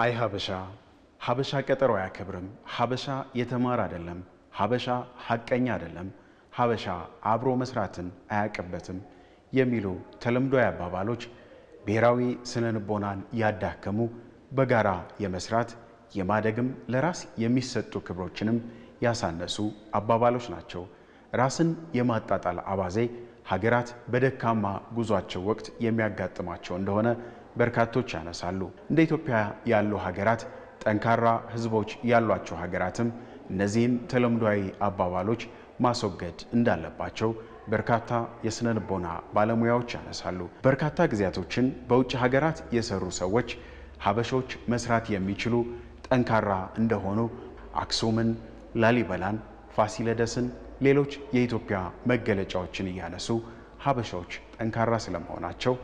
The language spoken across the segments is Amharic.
አይ ሀበሻ ሀበሻ ቀጠሮ አያከብርም፣ ሀበሻ የተማረ አይደለም፣ ሀበሻ ሀቀኛ አይደለም፣ ሀበሻ አብሮ መስራትን አያቅበትም የሚሉ ተለምዷዊ አባባሎች ብሔራዊ ስነንቦናን ያዳከሙ በጋራ የመስራት የማደግም ለራስ የሚሰጡ ክብሮችንም ያሳነሱ አባባሎች ናቸው። ራስን የማጣጣል አባዜ ሀገራት በደካማ ጉዟቸው ወቅት የሚያጋጥማቸው እንደሆነ በርካቶች ያነሳሉ። እንደ ኢትዮጵያ ያሉ ሀገራት ጠንካራ ህዝቦች ያሏቸው ሀገራትም እነዚህን ተለምዷዊ አባባሎች ማስወገድ እንዳለባቸው በርካታ የስነ ልቦና ባለሙያዎች ያነሳሉ። በርካታ ጊዜያቶችን በውጭ ሀገራት የሰሩ ሰዎች ሀበሾች መስራት የሚችሉ ጠንካራ እንደሆኑ አክሱምን፣ ላሊበላን፣ ፋሲለደስን፣ ሌሎች የኢትዮጵያ መገለጫዎችን እያነሱ ሀበሾች ጠንካራ ስለመሆናቸው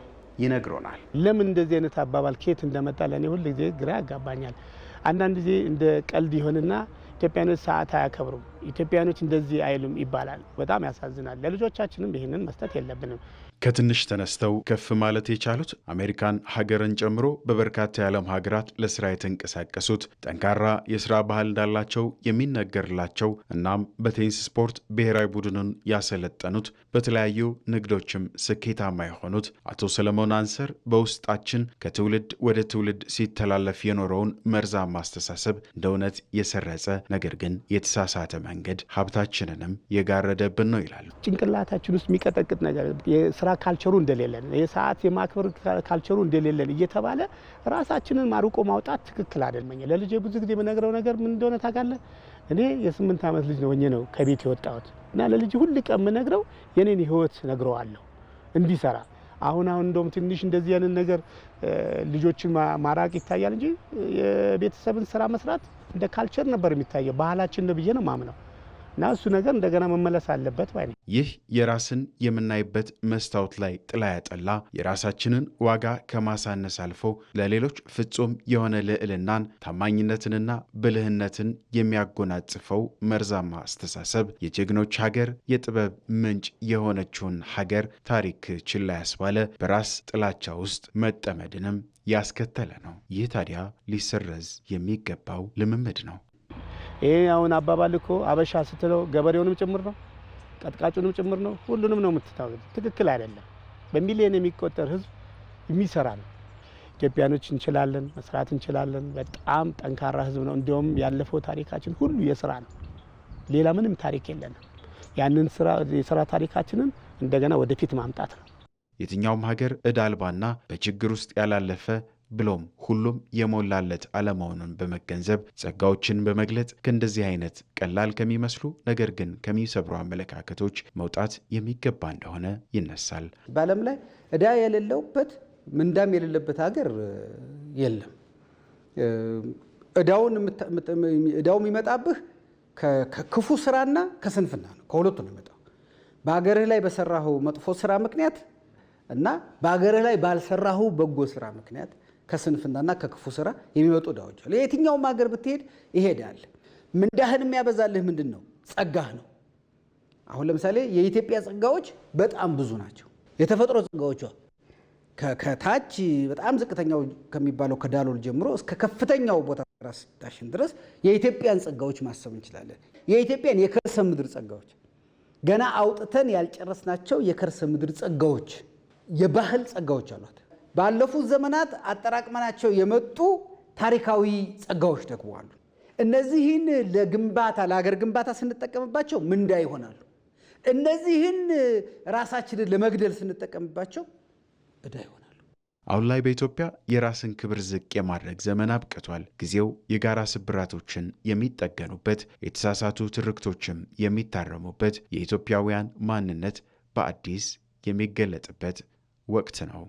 ይነግሮናል። ለምን እንደዚህ አይነት አባባል ከየት እንደመጣ ለእኔ ሁል ጊዜ ግራ ያጋባኛል። አንዳንድ ጊዜ እንደ ቀልድ ይሆንና ኢትዮጵያኖች ሰዓት አያከብሩም ኢትዮጵያኖች እንደዚህ አይሉም ይባላል። በጣም ያሳዝናል። ለልጆቻችንም ይህንን መስጠት የለብንም። ከትንሽ ተነስተው ከፍ ማለት የቻሉት አሜሪካን ሀገርን ጨምሮ በበርካታ የዓለም ሀገራት ለስራ የተንቀሳቀሱት ጠንካራ የስራ ባህል እንዳላቸው የሚነገርላቸው እናም በቴኒስ ስፖርት ብሔራዊ ቡድኑን ያሰለጠኑት በተለያዩ ንግዶችም ስኬታማ የሆኑት አቶ ሰለሞን አንሰር በውስጣችን ከትውልድ ወደ ትውልድ ሲተላለፍ የኖረውን መርዛማ አስተሳሰብ እንደ እውነት የሰረጸ ነገር ግን የተሳሳተ መንገድ ሀብታችንንም የጋረደብን ነው ይላሉ። ጭንቅላታችን ውስጥ የሚቀጠቅጥ ነገር የስራ ካልቸሩ እንደሌለን፣ የሰዓት የማክበር ካልቸሩ እንደሌለን እየተባለ ራሳችንን ማርቆ ማውጣት ትክክል አይደለም። ለልጄ ብዙ ጊዜ የምነግረው ነገር ምን እንደሆነ ታውቃለህ? እኔ የስምንት ዓመት ልጅ ነው ነው ከቤት የወጣሁት እና ለልጅ ሁል ቀን የምነግረው የኔን ህይወት ነግረዋለሁ እንዲሰራ አሁን አሁን እንደውም ትንሽ እንደዚህ ያንን ነገር ልጆችን ማራቅ ይታያል እንጂ የቤተሰብን ስራ መስራት እንደ ካልቸር ነበር የሚታየው። ባህላችን ነው ብዬ ነው ማምነው። እና እሱ ነገር እንደገና መመለስ አለበት ባይ ነው። ይህ የራስን የምናይበት መስታወት ላይ ጥላ ያጠላ የራሳችንን ዋጋ ከማሳነስ አልፎ ለሌሎች ፍጹም የሆነ ልዕልናን ታማኝነትንና ብልህነትን የሚያጎናጽፈው መርዛማ አስተሳሰብ የጀግኖች ሀገር የጥበብ ምንጭ የሆነችውን ሀገር ታሪክ ችላ ያስባለ በራስ ጥላቻ ውስጥ መጠመድንም ያስከተለ ነው። ይህ ታዲያ ሊሰረዝ የሚገባው ልምምድ ነው። ይሄ አሁን አባባል እኮ አበሻ ስትለው ገበሬውንም ጭምር ነው፣ ቀጥቃጩንም ጭምር ነው፣ ሁሉንም ነው የምትታወ ትክክል አይደለም። በሚሊዮን የሚቆጠር ህዝብ የሚሰራ ነው። ኢትዮጵያኖች እንችላለን፣ መስራት እንችላለን። በጣም ጠንካራ ህዝብ ነው። እንዲሁም ያለፈው ታሪካችን ሁሉ የስራ ነው። ሌላ ምንም ታሪክ የለንም። ያንን የስራ ታሪካችንን እንደገና ወደፊት ማምጣት ነው። የትኛውም ሀገር ዕዳ አልባና በችግር ውስጥ ያላለፈ ብሎም ሁሉም የሞላለት አለመሆኑን በመገንዘብ ጸጋዎችን በመግለጽ ከእንደዚህ አይነት ቀላል ከሚመስሉ ነገር ግን ከሚሰብሩ አመለካከቶች መውጣት የሚገባ እንደሆነ ይነሳል። በዓለም ላይ እዳ የሌለውበት ምንዳም የሌለበት ሀገር የለም። እዳው የሚመጣብህ ከክፉ ስራና ከስንፍና ነው። ከሁለቱ ነው የሚመጣው። በሀገርህ ላይ በሰራኸው መጥፎ ስራ ምክንያት እና በሀገርህ ላይ ባልሰራኸው በጎ ስራ ምክንያት ከስንፍናና ከክፉ ስራ የሚመጡ ዳዎች አሉ። የትኛውም ሀገር ብትሄድ ይሄዳል። ምንዳህን የሚያበዛልህ ምንድን ነው? ጸጋህ ነው። አሁን ለምሳሌ የኢትዮጵያ ጸጋዎች በጣም ብዙ ናቸው። የተፈጥሮ ጸጋዎቿ ከታች በጣም ዝቅተኛው ከሚባለው ከዳሎል ጀምሮ እስከ ከፍተኛው ቦታ ራስ ዳሽን ድረስ የኢትዮጵያን ጸጋዎች ማሰብ እንችላለን። የኢትዮጵያን የከርሰ ምድር ጸጋዎች ገና አውጥተን ያልጨረስናቸው የከርሰ ምድር ጸጋዎች፣ የባህል ጸጋዎች አሏት። ባለፉት ዘመናት አጠራቅመናቸው የመጡ ታሪካዊ ጸጋዎች ደግሞ አሉ። እነዚህን ለግንባታ ለሀገር ግንባታ ስንጠቀምባቸው ምንዳ ይሆናሉ። እነዚህን ራሳችንን ለመግደል ስንጠቀምባቸው እዳ ይሆናሉ። አሁን ላይ በኢትዮጵያ የራስን ክብር ዝቅ የማድረግ ዘመን አብቅቷል። ጊዜው የጋራ ስብራቶችን የሚጠገኑበት፣ የተሳሳቱ ትርክቶችም የሚታረሙበት፣ የኢትዮጵያውያን ማንነት በአዲስ የሚገለጥበት ወቅት ነው።